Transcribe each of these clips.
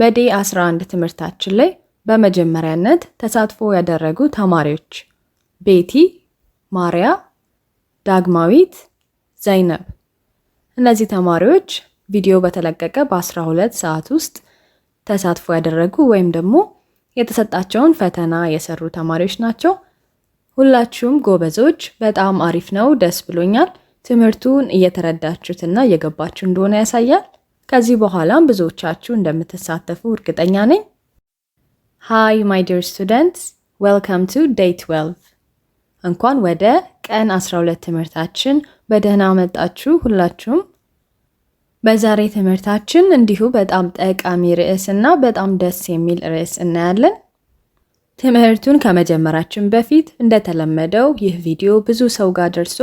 በዴ 11 ትምህርታችን ላይ በመጀመሪያነት ተሳትፎ ያደረጉ ተማሪዎች ቤቲ፣ ማሪያ፣ ዳግማዊት፣ ዘይነብ። እነዚህ ተማሪዎች ቪዲዮ በተለቀቀ በ12 ሰዓት ውስጥ ተሳትፎ ያደረጉ ወይም ደግሞ የተሰጣቸውን ፈተና የሰሩ ተማሪዎች ናቸው። ሁላችሁም ጎበዞች፣ በጣም አሪፍ ነው፣ ደስ ብሎኛል። ትምህርቱን እየተረዳችሁትና እየገባችሁ እንደሆነ ያሳያል። ከዚህ በኋላም ብዙዎቻችሁ እንደምትሳተፉ እርግጠኛ ነኝ። ሃይ ማይ ዲር ስቱደንትስ ዌልካም ቱ ዴይ 12 እንኳን ወደ ቀን 12 ትምህርታችን በደህና መጣችሁ ሁላችሁም። በዛሬ ትምህርታችን እንዲሁ በጣም ጠቃሚ ርዕስ እና በጣም ደስ የሚል ርዕስ እናያለን። ትምህርቱን ከመጀመራችን በፊት እንደተለመደው ይህ ቪዲዮ ብዙ ሰው ጋር ደርሶ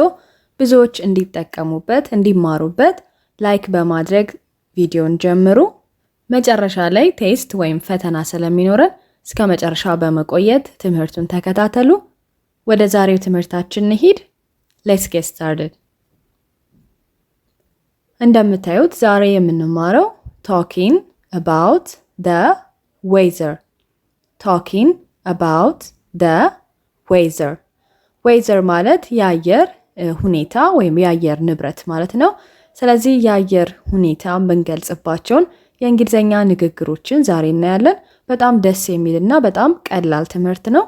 ብዙዎች እንዲጠቀሙበት፣ እንዲማሩበት ላይክ በማድረግ ቪዲዮን ጀምሩ። መጨረሻ ላይ ቴስት ወይም ፈተና ስለሚኖረን እስከ መጨረሻ በመቆየት ትምህርቱን ተከታተሉ። ወደ ዛሬው ትምህርታችን እንሂድ። ሌትስ ጌት ስታርትድ። እንደምታዩት ዛሬ የምንማረው ቶኪንግ አባውት ደ ዌዘር ቶኪንግ አባውት ደ ዌዘር። ዌዘር ማለት የአየር ሁኔታ ወይም የአየር ንብረት ማለት ነው። ስለዚህ የአየር ሁኔታ የምንገልጽባቸውን የእንግሊዝኛ ንግግሮችን ዛሬ እናያለን። በጣም ደስ የሚልና በጣም ቀላል ትምህርት ነው።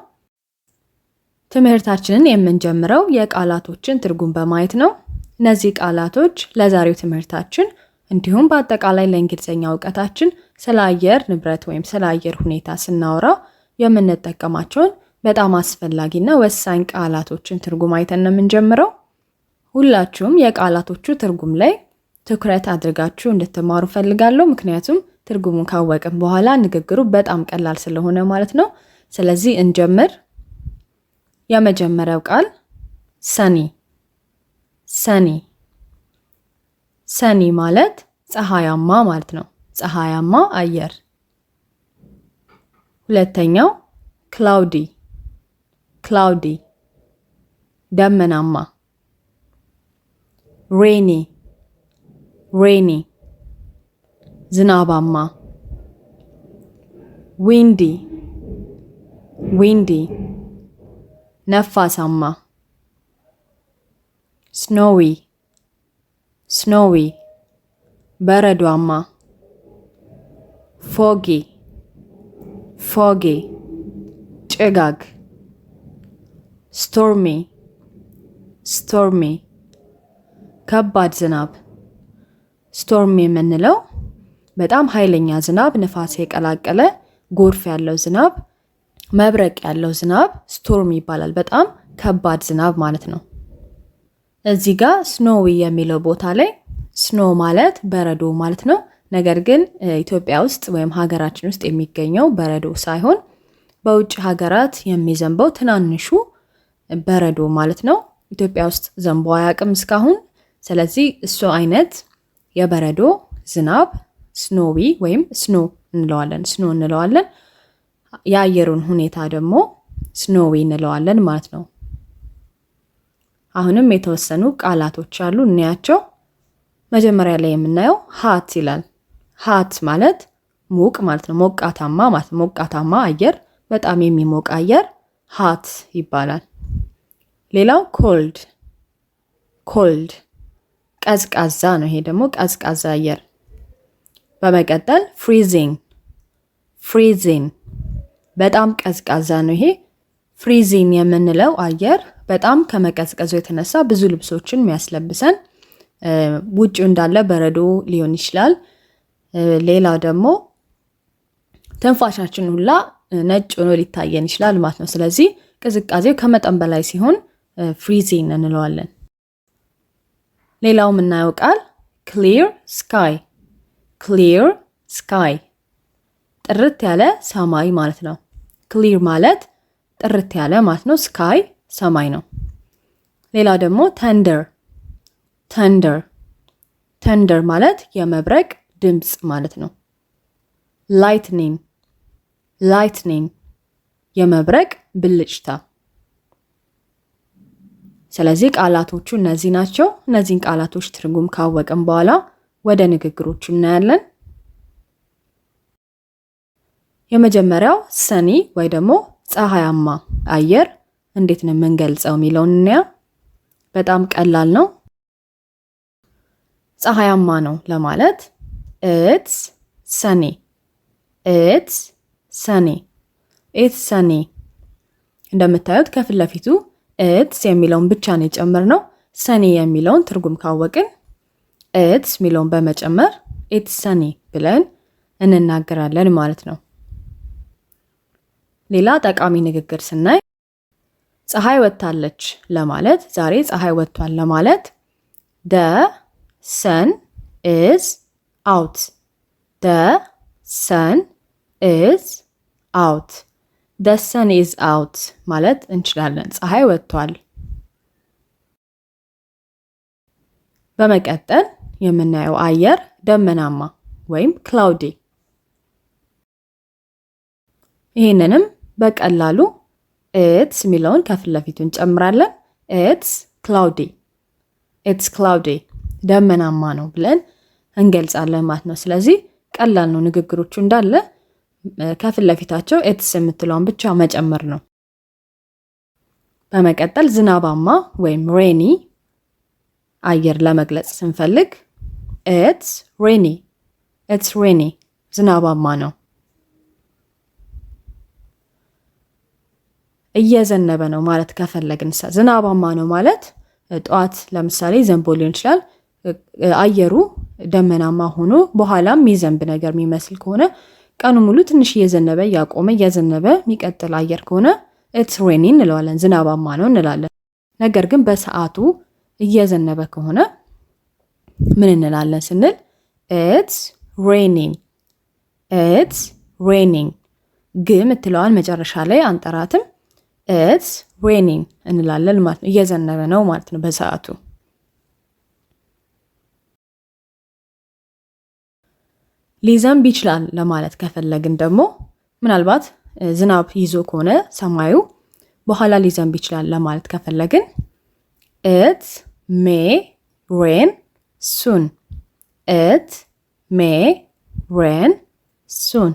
ትምህርታችንን የምንጀምረው የቃላቶችን ትርጉም በማየት ነው። እነዚህ ቃላቶች ለዛሬው ትምህርታችን እንዲሁም በአጠቃላይ ለእንግሊዝኛ እውቀታችን ስለ አየር ንብረት ወይም ስለ አየር ሁኔታ ስናወራ የምንጠቀማቸውን በጣም አስፈላጊና ወሳኝ ቃላቶችን ትርጉም አይተን ነው የምንጀምረው። ሁላችሁም የቃላቶቹ ትርጉም ላይ ትኩረት አድርጋችሁ እንድትማሩ ፈልጋለሁ። ምክንያቱም ትርጉሙን ካወቅም በኋላ ንግግሩ በጣም ቀላል ስለሆነ ማለት ነው። ስለዚህ እንጀምር። የመጀመሪያው ቃል ሰኒ፣ ሰኒ፣ ሰኒ ማለት ፀሐያማ ማለት ነው። ፀሐያማ አየር። ሁለተኛው ክላውዲ፣ ክላውዲ ደመናማ rainy rainy ዝናባማ windy windy ነፋሳማ snowy snowy በረዷማ foggy foggy ጭጋግ stormy stormy ከባድ ዝናብ ስቶርም የምንለው በጣም ኃይለኛ ዝናብ፣ ንፋስ የቀላቀለ ጎርፍ ያለው ዝናብ፣ መብረቅ ያለው ዝናብ ስቶርም ይባላል። በጣም ከባድ ዝናብ ማለት ነው። እዚህ ጋር ስኖዊ የሚለው ቦታ ላይ ስኖ ማለት በረዶ ማለት ነው። ነገር ግን ኢትዮጵያ ውስጥ ወይም ሀገራችን ውስጥ የሚገኘው በረዶ ሳይሆን በውጭ ሀገራት የሚዘንበው ትናንሹ በረዶ ማለት ነው። ኢትዮጵያ ውስጥ ዘንቦ አያውቅም እስካሁን ስለዚህ እሱ አይነት የበረዶ ዝናብ ስኖዊ ወይም ስኖ እንለዋለን ስኖ እንለዋለን። የአየሩን ሁኔታ ደግሞ ስኖዊ እንለዋለን ማለት ነው። አሁንም የተወሰኑ ቃላቶች አሉ እንያቸው። መጀመሪያ ላይ የምናየው ሀት ይላል። ሀት ማለት ሙቅ ማለት ነው። ሞቃታማ ማለት ነው። ሞቃታማ አየር፣ በጣም የሚሞቅ አየር ሀት ይባላል። ሌላው ኮልድ ኮልድ ቀዝቃዛ ነው። ይሄ ደግሞ ቀዝቃዛ አየር። በመቀጠል ፍሪዚንግ ፍሪዚን በጣም ቀዝቃዛ ነው። ይሄ ፍሪዚን የምንለው አየር በጣም ከመቀዝቀዙ የተነሳ ብዙ ልብሶችን የሚያስለብሰን ውጭው እንዳለ በረዶ ሊሆን ይችላል። ሌላ ደግሞ ትንፋሻችን ሁላ ነጭ ሆኖ ሊታየን ይችላል ማለት ነው። ስለዚህ ቅዝቃዜው ከመጠን በላይ ሲሆን ፍሪዚን እንለዋለን። ሌላው የምናየው ቃል ክሊር ስካይ፣ ክሊር ስካይ ጥርት ያለ ሰማይ ማለት ነው። ክሊር ማለት ጥርት ያለ ማለት ነው። ስካይ ሰማይ ነው። ሌላ ደግሞ ተንደር፣ ተንደር ተንደር ማለት የመብረቅ ድምፅ ማለት ነው። ላይትኒንግ ላይትኒንግ የመብረቅ ብልጭታ ስለዚህ ቃላቶቹ እነዚህ ናቸው። እነዚህን ቃላቶች ትርጉም ካወቅን በኋላ ወደ ንግግሮቹ እናያለን። የመጀመሪያው ሰኒ ወይ ደግሞ ፀሐያማ አየር እንዴት ነው የምንገልጸው የሚለውን እንያ። በጣም ቀላል ነው። ፀሐያማ ነው ለማለት ኢትስ ሰኒ፣ ኢትስ ሰኒ፣ ኢትስ ሰኒ። እንደምታዩት ከፊት ለፊቱ እትስ የሚለውን ብቻ ነው የጨመርነው። ሰኔ የሚለውን ትርጉም ካወቅን እትስ የሚለውን በመጨመር ኢትስ ሰኒ ብለን እንናገራለን ማለት ነው። ሌላ ጠቃሚ ንግግር ስናይ ፀሐይ ወጥታለች ለማለት ዛሬ ፀሐይ ወጥቷል ለማለት ደ ሰን ኢዝ አውት ደ ሰን ኢዝ አውት the sun is out ማለት እንችላለን። ፀሐይ ወጥቷል። በመቀጠል የምናየው አየር ደመናማ ወይም ክላውዲ። ይህንንም በቀላሉ ኢትስ የሚለውን ከፊት ለፊቱ እንጨምራለን። ኢትስ ክላውዲ፣ ኢትስ ክላውዲ ደመናማ ነው ብለን እንገልጻለን ማለት ነው። ስለዚህ ቀላል ነው። ንግግሮቹ እንዳለ ከፊት ለፊታቸው ኤትስ የምትለውን ብቻ መጨመር ነው። በመቀጠል ዝናባማ ወይም ሬኒ አየር ለመግለጽ ስንፈልግ ኤትስ ሬኒ ኤትስ ሬኒ ዝናባማ ነው፣ እየዘነበ ነው ማለት ከፈለግን ዝናባማ ነው ማለት ጠዋት ለምሳሌ ዘንቦ ሊሆን ይችላል። አየሩ ደመናማ ሆኖ በኋላም የሚዘንብ ነገር የሚመስል ከሆነ ቀኑ ሙሉ ትንሽ እየዘነበ እያቆመ እየዘነበ የሚቀጥል አየር ከሆነ ኢትስ ሬኒ እንለዋለን፣ ዝናባማ ነው እንላለን። ነገር ግን በሰዓቱ እየዘነበ ከሆነ ምን እንላለን ስንል ኢትስ ሬኒንግ ኢትስ ሬኒንግ። ግ ምትለዋን መጨረሻ ላይ አንጠራትም። ኢትስ ሬኒንግ እንላለን ማለት ነው። እየዘነበ ነው ማለት ነው በሰዓቱ ሊዘንብ ይችላል ለማለት ከፈለግን ደግሞ ምናልባት ዝናብ ይዞ ከሆነ ሰማዩ በኋላ ሊዘንብ ይችላል ለማለት ከፈለግን እት ሜ ሬን ሱን እት ሜ ሬን ሱን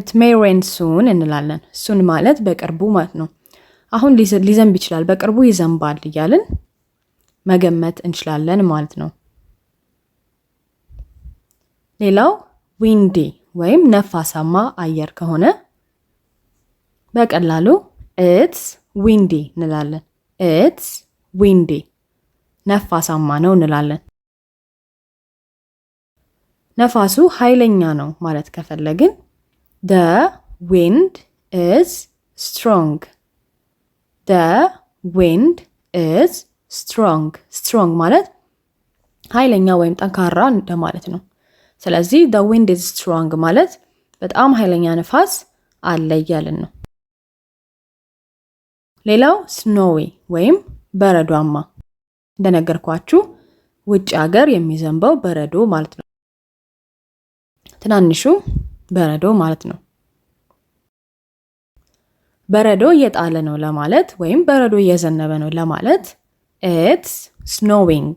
እት ሜ ሬን ሱን እንላለን። ሱን ማለት በቅርቡ ማለት ነው። አሁን ሊዘንብ ይችላል፣ በቅርቡ ይዘንባል እያልን መገመት እንችላለን ማለት ነው። ሌላው ዊንዲ ወይም ነፋሳማ አየር ከሆነ በቀላሉ ኢትስ ዊንዲ እንላለን። ኢትስ ዊንዲ ነፋሳማ ነው እንላለን። ነፋሱ ኃይለኛ ነው ማለት ከፈለግን ደ ዊንድ ኢዝ ስትሮንግ ደ ዊንድ ኢዝ ስትሮንግ ስትሮንግ ማለት ኃይለኛ ወይም ጠንካራ እንደማለት ነው። ስለዚህ ደ ዊንድ ኢዝ ስትሮንግ ማለት በጣም ኃይለኛ ነፋስ አለ እያልን ነው። ሌላው ስኖዊ ወይም በረዷማ እንደነገርኳችሁ ውጭ ሀገር የሚዘንበው በረዶ ማለት ነው። ትናንሹ በረዶ ማለት ነው። በረዶ እየጣለ ነው ለማለት ወይም በረዶ እየዘነበ ነው ለማለት ኢትስ ስኖዊንግ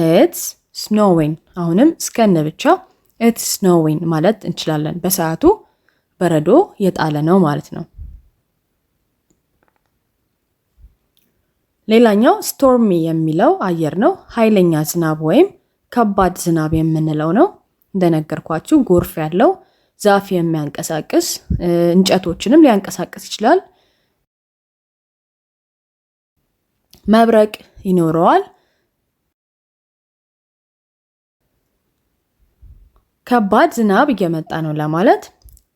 ኢትስ ስኖዊን አሁንም እስከነ ብቻ ኢትስ ስኖዊን ማለት እንችላለን። በሰዓቱ በረዶ የጣለ ነው ማለት ነው። ሌላኛው ስቶርሚ የሚለው አየር ነው። ኃይለኛ ዝናብ ወይም ከባድ ዝናብ የምንለው ነው። እንደነገርኳችሁ ጎርፍ ያለው ዛፍ የሚያንቀሳቅስ እንጨቶችንም ሊያንቀሳቅስ ይችላል። መብረቅ ይኖረዋል። ከባድ ዝናብ እየመጣ ነው ለማለት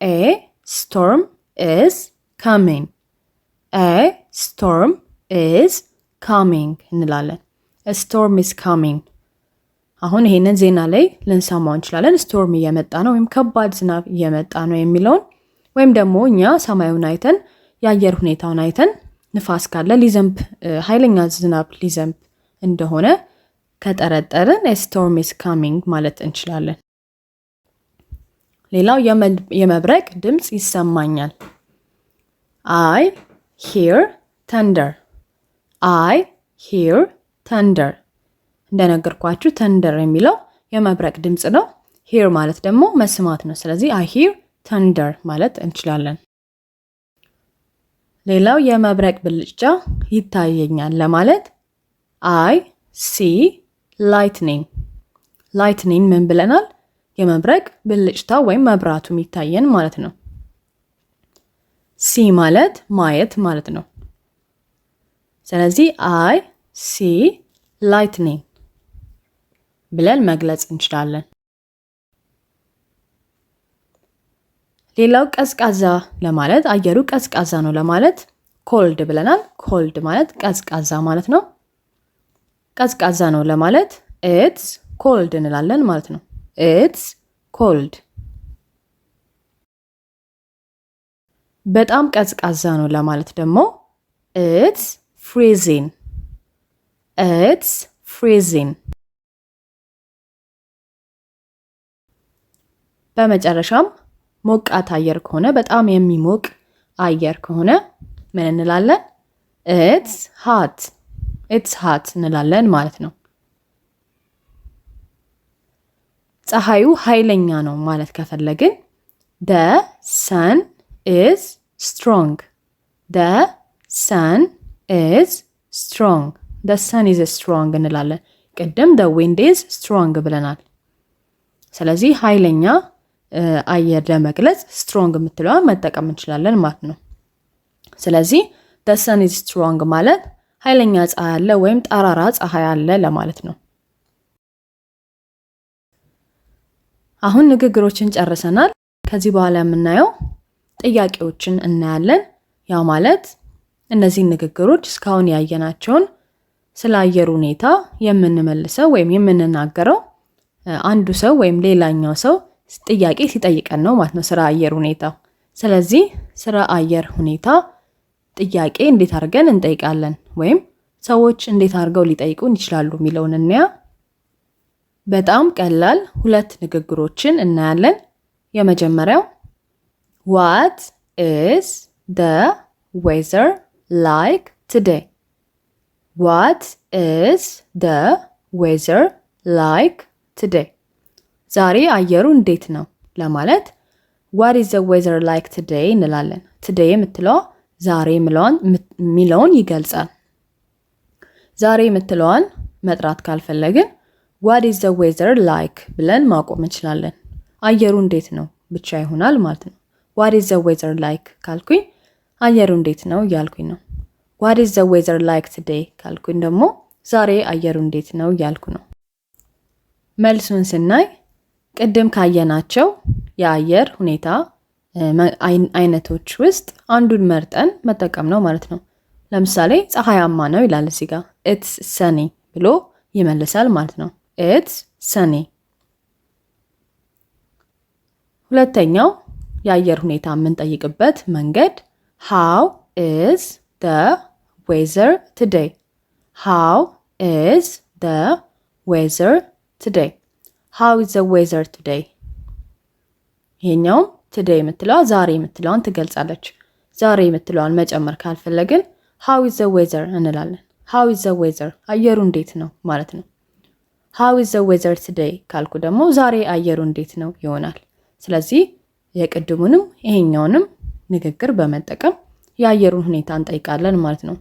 ኤ ስቶርም ኢዝ ካሚንግ ኤ ስቶርም ኢዝ ካሚንግ እንላለን። ስቶርም ኢዝ ካሚንግ። አሁን ይሄንን ዜና ላይ ልንሰማው እንችላለን። ስቶርም እየመጣ ነው ወይም ከባድ ዝናብ እየመጣ ነው የሚለውን ወይም ደግሞ እኛ ሰማዩን አይተን የአየር ሁኔታውን አይተን ንፋስ ካለ ሊዘንብ ኃይለኛ ዝናብ ሊዘንብ እንደሆነ ከጠረጠርን ስቶርም ኢዝ ካሚንግ ማለት እንችላለን። ሌላው የመብረቅ ድምፅ ይሰማኛል። አይ ሂር ተንደር፣ አይ ሂር ተንደር። እንደነገርኳችሁ ተንደር የሚለው የመብረቅ ድምፅ ነው። ሂር ማለት ደግሞ መስማት ነው። ስለዚህ አይ ሂር ተንደር ማለት እንችላለን። ሌላው የመብረቅ ብልጫ ይታየኛል ለማለት አይ ሲ ላይትኒንግ ላይትኒንግ ምን ብለናል? የመብረቅ ብልጭታ ወይም መብራቱ የሚታየን ማለት ነው። ሲ ማለት ማየት ማለት ነው። ስለዚህ አይ ሲ ላይትኒንግ ብለን መግለጽ እንችላለን። ሌላው ቀዝቃዛ ለማለት አየሩ ቀዝቃዛ ነው ለማለት ኮልድ ብለናል። ኮልድ ማለት ቀዝቃዛ ማለት ነው። ቀዝቃዛ ነው ለማለት ኢትስ ኮልድ እንላለን ማለት ነው። ኢትስ ኮልድ። በጣም ቀዝቃዛ ነው ለማለት ደግሞ ኢትስ ፍሪዚን ኢትስ ፍሪዚን። በመጨረሻም ሞቃት አየር ከሆነ በጣም የሚሞቅ አየር ከሆነ ምን እንላለን? ኢትስ ሃት ኢትስ ሃት እንላለን ማለት ነው። ፀሐዩ ኃይለኛ ነው ማለት ከፈለግን ደ ሰን ኢዝ ስትሮንግ ደ ሰን ኢዝ ስትሮንግ ደ ሰን ኢዝ ስትሮንግ እንላለን። ቅድም ደ ዊንድ ኢዝ ስትሮንግ ብለናል። ስለዚህ ኃይለኛ አየር ለመግለጽ ስትሮንግ የምትለዋን መጠቀም እንችላለን ማለት ነው። ስለዚህ ደ ሰን ኢዝ ስትሮንግ ማለት ኃይለኛ ፀሐይ አለ ወይም ጠራራ ፀሐይ አለ ለማለት ነው። አሁን ንግግሮችን ጨርሰናል። ከዚህ በኋላ የምናየው ጥያቄዎችን እናያለን። ያው ማለት እነዚህን ንግግሮች እስካሁን ያየናቸውን ስለ አየር ሁኔታ የምንመልሰው ወይም የምንናገረው አንዱ ሰው ወይም ሌላኛው ሰው ጥያቄ ሲጠይቀን ነው ማለት ነው፣ ስለ አየር ሁኔታ። ስለዚህ ስለ አየር ሁኔታ ጥያቄ እንዴት አድርገን እንጠይቃለን ወይም ሰዎች እንዴት አድርገው ሊጠይቁን ይችላሉ የሚለውን እንያ በጣም ቀላል ሁለት ንግግሮችን እናያለን። የመጀመሪያው ዋት ኢዝ ደ ዌዘር ላይክ ቱዴይ? ዋት ኢዝ ደ ዌዘር ላይክ ቱዴይ? ዛሬ አየሩ እንዴት ነው ለማለት ዋት ኢዝ ዘ ዌዘር ላይክ ቱዴይ እንላለን። ቱዴይ የምትለዋ ዛሬ የሚለውን ይገልጻል። ዛሬ የምትለዋን መጥራት ካልፈለግን ዋት ኢዝ ዘ ዌዘር ላይክ ብለን ማቆም እንችላለን። አየሩ እንዴት ነው ብቻ ይሆናል ማለት ነው። ዋት ኢዝ ዘ ዌዘር ላይክ ካልኩኝ አየሩ እንዴት ነው እያልኩኝ ነው። ዋት ኢዝ ዘ ዌዘር ላይክ ቱዴይ ካልኩኝ ደግሞ ዛሬ አየሩ እንዴት ነው እያልኩ ነው። መልሱን ስናይ ቅድም ካየናቸው የአየር ሁኔታ አይነቶች ውስጥ አንዱን መርጠን መጠቀም ነው ማለት ነው። ለምሳሌ ፀሐያማ ነው ይላል እዚህ ጋር ኢትስ ሰኒ ብሎ ይመልሳል ማለት ነው። ኢትስ ሰኔ። ሁለተኛው የአየር ሁኔታ የምንጠይቅበት መንገድ ሃው ኢዝ ደ ዌዘር ቱዴይ፣ ሃው ኢዝ ደ ዌዘር ቱዴይ፣ ሃው ኢዝ ደ ዌዘር ቱዴይ። ይሄኛውም ቱዴይ የምትለዋ ዛሬ የምትለዋን ትገልጻለች። ዛሬ የምትለዋን መጨመር ካልፈለግን ሃው ኢዝ ዘ ዌዘር እንላለን። ሃው ኢዝ ዘ ዌዘር አየሩ እንዴት ነው ማለት ነው። ሃው ዘ ዌዘር ቱዴይ ካልኩ ደግሞ ዛሬ አየሩ እንዴት ነው ይሆናል። ስለዚህ የቅድሙንም ይሄኛውንም ንግግር በመጠቀም የአየሩን ሁኔታ እንጠይቃለን ማለት ነው።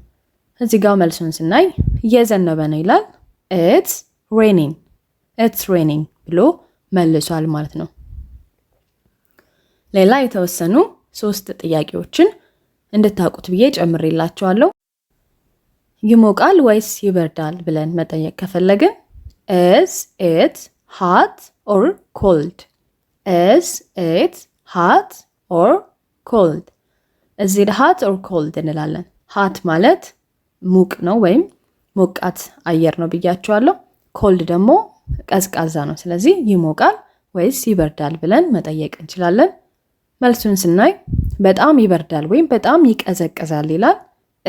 እዚህ ጋር መልሱን ስናይ እየዘነበ ነው ይላል። ኢትስ ሬኒንግ ኢትስ ሬኒንግ ብሎ መልሷል ማለት ነው። ሌላ የተወሰኑ ሶስት ጥያቄዎችን እንድታውቁት ብዬ ጨምሬላችኋለሁ። ይሞቃል ወይስ ይበርዳል ብለን መጠየቅ ከፈለግን ኢዝ ኢት ሃት ኦር ኮልድ? ኢዝ ኢት ሃት ኦር ኮልድ? እዚህ ሃት ኦር ኮልድ እንላለን። ሃት ማለት ሙቅ ነው ወይም ሞቃት አየር ነው ብያቸዋለሁ። ኮልድ ደግሞ ቀዝቃዛ ነው። ስለዚህ ይሞቃል ወይስ ይበርዳል ብለን መጠየቅ እንችላለን። መልሱን ስናይ በጣም ይበርዳል ወይም በጣም ይቀዘቅዛል ይላል።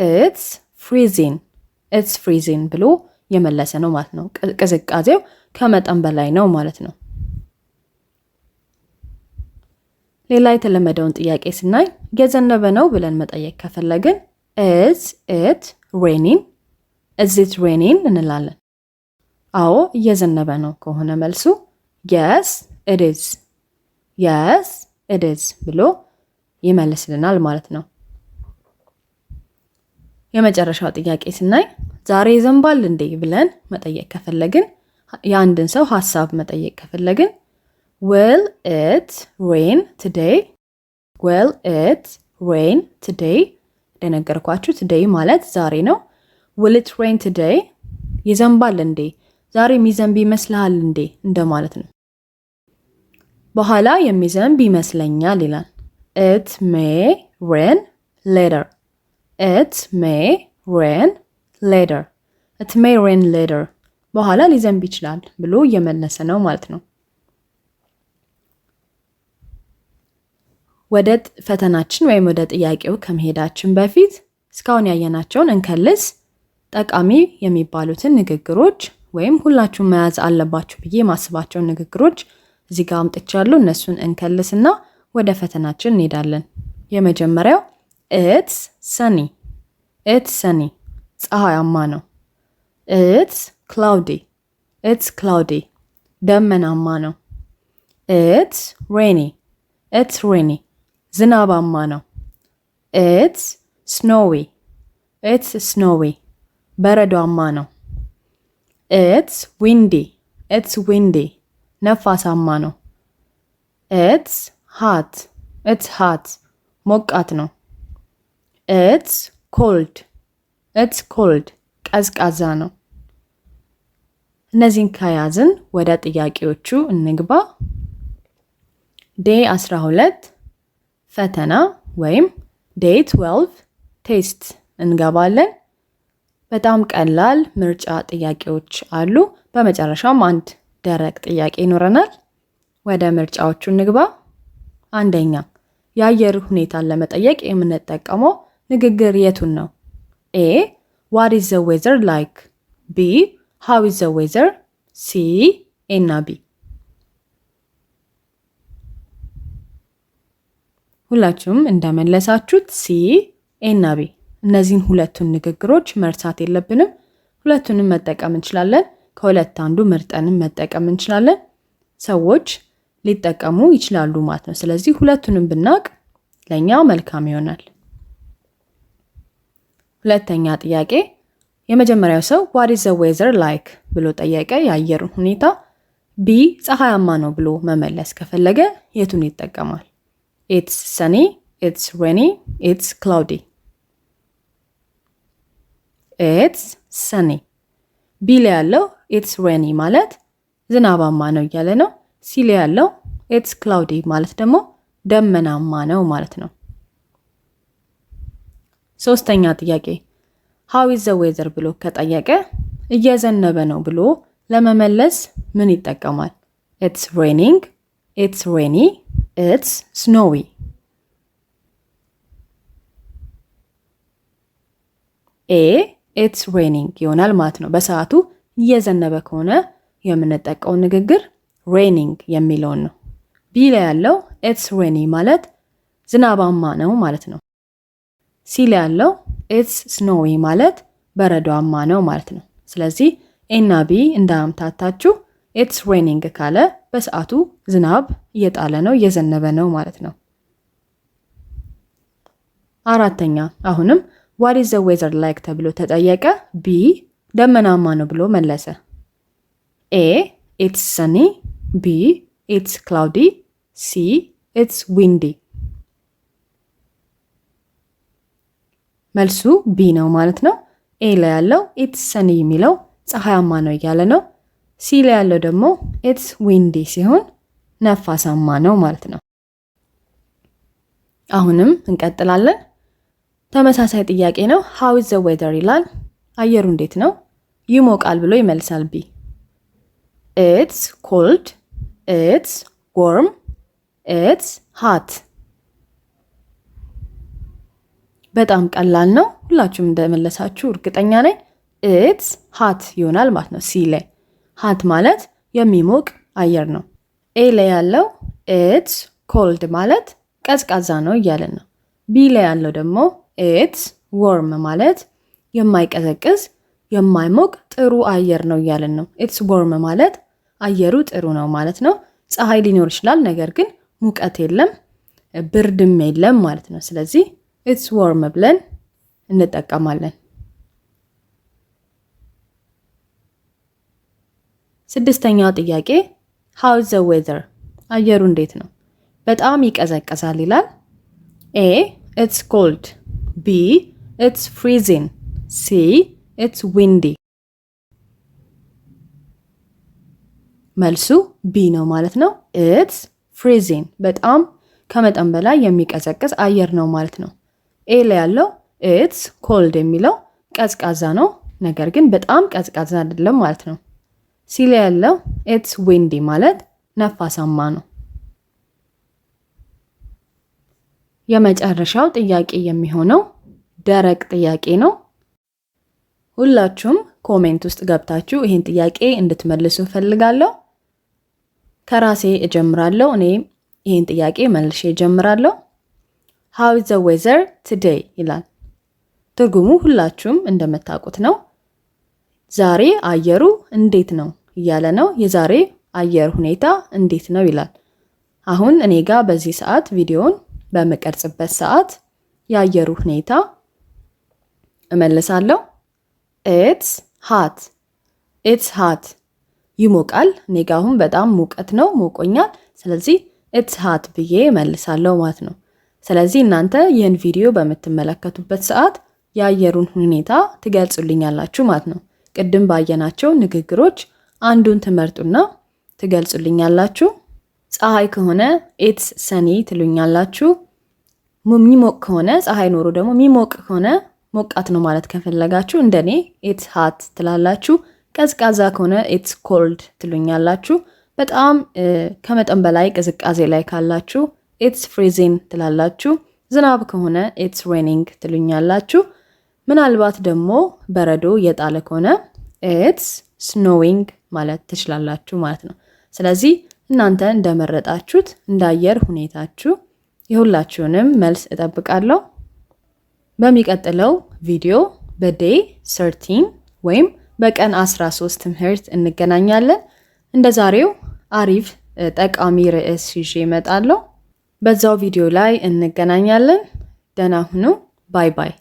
ኢትስ ፍሪዚን ኢትስ ፍሪዚን ብሎ የመለሰ ነው ማለት ነው። ቅዝቃዜው ከመጠን በላይ ነው ማለት ነው። ሌላ የተለመደውን ጥያቄ ስናይ የዘነበ ነው ብለን መጠየቅ ከፈለግን እዝ ኢት ሬኒን እዚት ሬኒን እንላለን። አዎ እየዘነበ ነው ከሆነ መልሱ የስ ኢት ኢዝ የስ ኢት ኢዝ ብሎ ይመልስልናል ማለት ነው። የመጨረሻው ጥያቄ ስናይ ዛሬ ይዘንባል እንዴ ብለን መጠየቅ ከፈለግን የአንድን ሰው ሀሳብ መጠየቅ ከፈለግን will ኢት rain today ዌል ኢት rain today እንደነገርኳችሁ ትደይ ማለት ዛሬ ነው ውልት ሬን ትደይ today ይዘንባል እንዴ ዛሬ የሚዘንብ ይመስልሃል እንዴ እንደማለት ነው በኋላ የሚዘንብ ይመስለኛል ይላል ኢት ሜይ ሬን ሌተር ኢት ሜይ ሬን ሌደር ኢት ሜይ ሬን ሌደር በኋላ ሊዘንብ ይችላል ብሎ እየመለሰ ነው ማለት ነው። ወደ ፈተናችን ወይም ወደ ጥያቄው ከመሄዳችን በፊት እስካሁን ያየናቸውን እንከልስ ጠቃሚ የሚባሉትን ንግግሮች ወይም ሁላችሁም መያዝ አለባችሁ ብዬ የማስባቸውን ንግግሮች እዚህ ጋር አምጥቻለሁ። እነሱን እንከልስና ወደ ፈተናችን እንሄዳለን። የመጀመሪያው ኢትስ ሰኒ ኢትስ ሰኒ ፀሐያማ ነው። ኢትስ ክላውዲ ኢትስ ክላውዲ ደመናማ ነው። ኢትስ ሬኒ ኢትስ ሬኒ ዝናባማ ነው። ኢትስ ስኖዊ ኢትስ ስኖዊ በረዷማ ነው። ኢትስ ዊንዲ ኢትስ ዊንዲ ነፋሳማ ነው። ኢትስ ሃት ኢትስ ሃት ሞቃት ነው። ኢትስ ኮልድ ኢትስ ኮልድ ቀዝቃዛ ነው። እነዚህን ከያዝን ወደ ጥያቄዎቹ እንግባ። ዴይ 12 ፈተና ወይም ዴይ 12 ቴስት እንገባለን። በጣም ቀላል ምርጫ ጥያቄዎች አሉ። በመጨረሻም አንድ ደረቅ ጥያቄ ይኖረናል። ወደ ምርጫዎቹ እንግባ። አንደኛ የአየር ሁኔታን ለመጠየቅ የምንጠቀመው ንግግር የቱን ነው? ኤ ዋት ኢዝ ዘ ዌዘር ላይክ፣ ቢ ሃው ኢዝ ዘ ዌዘር፣ ሲ ኤ እና ቢ። ሁላችሁም እንደመለሳችሁት ሲ ኤ እና ቢ። እነዚህን ሁለቱን ንግግሮች መርሳት የለብንም። ሁለቱንም መጠቀም እንችላለን። ከሁለት አንዱ መርጠንም መጠቀም እንችላለን። ሰዎች ሊጠቀሙ ይችላሉ ማለት ነው። ስለዚህ ሁለቱንም ብናውቅ ለእኛ መልካም ይሆናል። ሁለተኛ ጥያቄ የመጀመሪያው ሰው ዋት ኢዝ ዘ ዌዘር ላይክ ብሎ ጠየቀ። የአየር ሁኔታ ቢ ፀሐያማ ነው ብሎ መመለስ ከፈለገ የቱን ይጠቀማል? ኢትስ ሰኒ፣ ኢትስ ሬኒ፣ ኢትስ ክላውዲ። ኢትስ ሰኒ። ቢ ላይ ያለው ኢትስ ሬኒ ማለት ዝናባማ ነው እያለ ነው። ሲ ላይ ያለው ኢትስ ክላውዲ ማለት ደግሞ ደመናማ ነው ማለት ነው። ሶስተኛ ጥያቄ ሃው ኢዝ ዘ ዌዘር ብሎ ከጠየቀ እየዘነበ ነው ብሎ ለመመለስ ምን ይጠቀማል? ኢትስ ሬኒንግ፣ ኢትስ ሬኒ፣ ኢትስ ስኖዊ። ኤ ኢትስ ሬኒንግ ይሆናል ማለት ነው። በሰዓቱ እየዘነበ ከሆነ የምንጠቀው ንግግር ሬኒንግ የሚለውን ነው። ቢ ላይ ያለው ኢትስ ሬኒ ማለት ዝናባማ ነው ማለት ነው። ሲል ያለው ኢትስ ስኖዊ ማለት በረዷማ ነው ማለት ነው። ስለዚህ ኤና ቢ እንዳምታታችሁ ኢትስ ሬኒንግ ካለ በሰዓቱ ዝናብ እየጣለ ነው እየዘነበ ነው ማለት ነው። አራተኛ አሁንም ዋት ኢዝ ዘ ዌዘር ላይክ ተብሎ ተጠየቀ። ቢ ደመናማ ነው ብሎ መለሰ። ኤ ኢትስ ሰኒ፣ ቢ ኢትስ ክላውዲ፣ ሲ ኢትስ ዊንዲ መልሱ ቢ ነው ማለት ነው። ኤ ላይ ያለው ኢትስ ሰኒ የሚለው ፀሐያማ ነው እያለ ነው። ሲ ላይ ያለው ደግሞ ኢትስ ዊንዲ ሲሆን ነፋሳማ ነው ማለት ነው። አሁንም እንቀጥላለን። ተመሳሳይ ጥያቄ ነው። ሃው ኢዝ ዘ ዌዘር ይላል። አየሩ እንዴት ነው? ይሞቃል ብሎ ይመልሳል ቢ። ኢትስ ኮልድ፣ ኢትስ ዎርም፣ ኢትስ ሃት በጣም ቀላል ነው። ሁላችሁም እንደመለሳችሁ እርግጠኛ ነኝ። ኢትስ ሀት ይሆናል ማለት ነው። ሲ ላይ ሀት ማለት የሚሞቅ አየር ነው። ኤ ላይ ያለው ኢትስ ኮልድ ማለት ቀዝቃዛ ነው እያለን ነው። ቢ ላይ ያለው ደግሞ ኢትስ ወርም ማለት የማይቀዘቅዝ የማይሞቅ ጥሩ አየር ነው እያለን ነው። ኢትስ ወርም ማለት አየሩ ጥሩ ነው ማለት ነው። ፀሐይ ሊኖር ይችላል፣ ነገር ግን ሙቀት የለም ብርድም የለም ማለት ነው። ስለዚህ ኢትስ ወርም ብለን እንጠቀማለን። ስድስተኛው ጥያቄ ሃው ዘ ዌዘር አየሩ እንዴት ነው? በጣም ይቀዘቀዛል ይላል። ኤ ኢትስ ኮልድ፣ ቢ ኢትስ ፍሪዚን፣ ሲ ኢትስ ዊንዲ። መልሱ ቢ ነው ማለት ነው። ኢትስ ፍሪዚን በጣም ከመጠን በላይ የሚቀዘቅዝ አየር ነው ማለት ነው። ኤል ያለው ኢትስ ኮልድ የሚለው ቀዝቃዛ ነው፣ ነገር ግን በጣም ቀዝቃዛ አይደለም ማለት ነው። ሲል ያለው ኢትስ ዊንዲ ማለት ነፋሳማ ነው። የመጨረሻው ጥያቄ የሚሆነው ደረቅ ጥያቄ ነው። ሁላችሁም ኮሜንት ውስጥ ገብታችሁ ይህን ጥያቄ እንድትመልሱ እፈልጋለሁ። ከራሴ እጀምራለሁ። እኔ ይህን ጥያቄ መልሼ እጀምራለሁ። ሃው ዘ ዌዘር ቱዴይ ይላል። ትርጉሙ ሁላችሁም እንደምታውቁት ነው። ዛሬ አየሩ እንዴት ነው እያለ ነው። የዛሬ አየር ሁኔታ እንዴት ነው ይላል። አሁን እኔ ጋ በዚህ ሰዓት ቪዲዮውን በምቀርጽበት ሰዓት የአየሩ ሁኔታ እመልሳለሁ። ኢትስ ሃት ኢትስ ሃት ይሞቃል። እኔ ጋ አሁን በጣም ሙቀት ነው ሞቆኛል። ስለዚህ ኢትስ ሃት ብዬ እመልሳለሁ ማለት ነው። ስለዚህ እናንተ ይህን ቪዲዮ በምትመለከቱበት ሰዓት የአየሩን ሁኔታ ትገልጹልኛላችሁ ማለት ነው። ቅድም ባየናቸው ንግግሮች አንዱን ትመርጡና ትገልጹልኛላችሁ። ፀሐይ ከሆነ ኢትስ ሰኒ ትሉኛላችሁ። ሚሞቅ ከሆነ ፀሐይ ኖሮ ደግሞ የሚሞቅ ከሆነ ሞቃት ነው ማለት ከፈለጋችሁ እንደኔ ኢትስ ሃት ትላላችሁ። ቀዝቃዛ ከሆነ ኢትስ ኮልድ ትሉኛላችሁ። በጣም ከመጠን በላይ ቅዝቃዜ ላይ ካላችሁ ኢትስ ፍሪዚን ትላላችሁ። ዝናብ ከሆነ ኢትስ ሬኒንግ ትሉኛላችሁ። ምናልባት ደግሞ በረዶ የጣለ ከሆነ ኢትስ ስኖዊንግ ማለት ትችላላችሁ ማለት ነው። ስለዚህ እናንተ እንደመረጣችሁት እንደ አየር ሁኔታችሁ የሁላችሁንም መልስ እጠብቃለሁ። በሚቀጥለው ቪዲዮ በዴይ ሰርቲን ወይም በቀን 13 ትምህርት እንገናኛለን። እንደ ዛሬው አሪፍ ጠቃሚ ርዕስ ይዤ እመጣለሁ። በዛው ቪዲዮ ላይ እንገናኛለን። ደህና ሁኑ። ባይ ባይ።